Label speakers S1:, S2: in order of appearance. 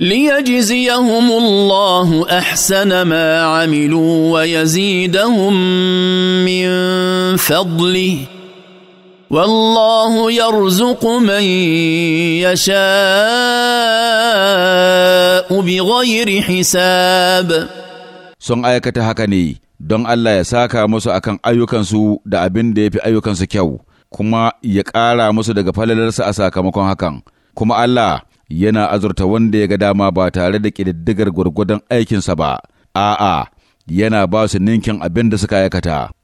S1: ليجزيهم الله احسن ما عملوا ويزيدهم من ya والله يرزق من يشاء بغير حساب sun
S2: aikata haka ne don Allah ya saka musu a kan ayyukansu da abin da ya fi ayyukansu kyau kuma ya ƙara musu daga falalarsa a sakamakon hakan kuma Allah yana azurta wanda ya ga dama ba tare da ƙididdigar gwargwadon aikinsa ba, a'a, yana ba su
S3: ninkin abin da suka aikata.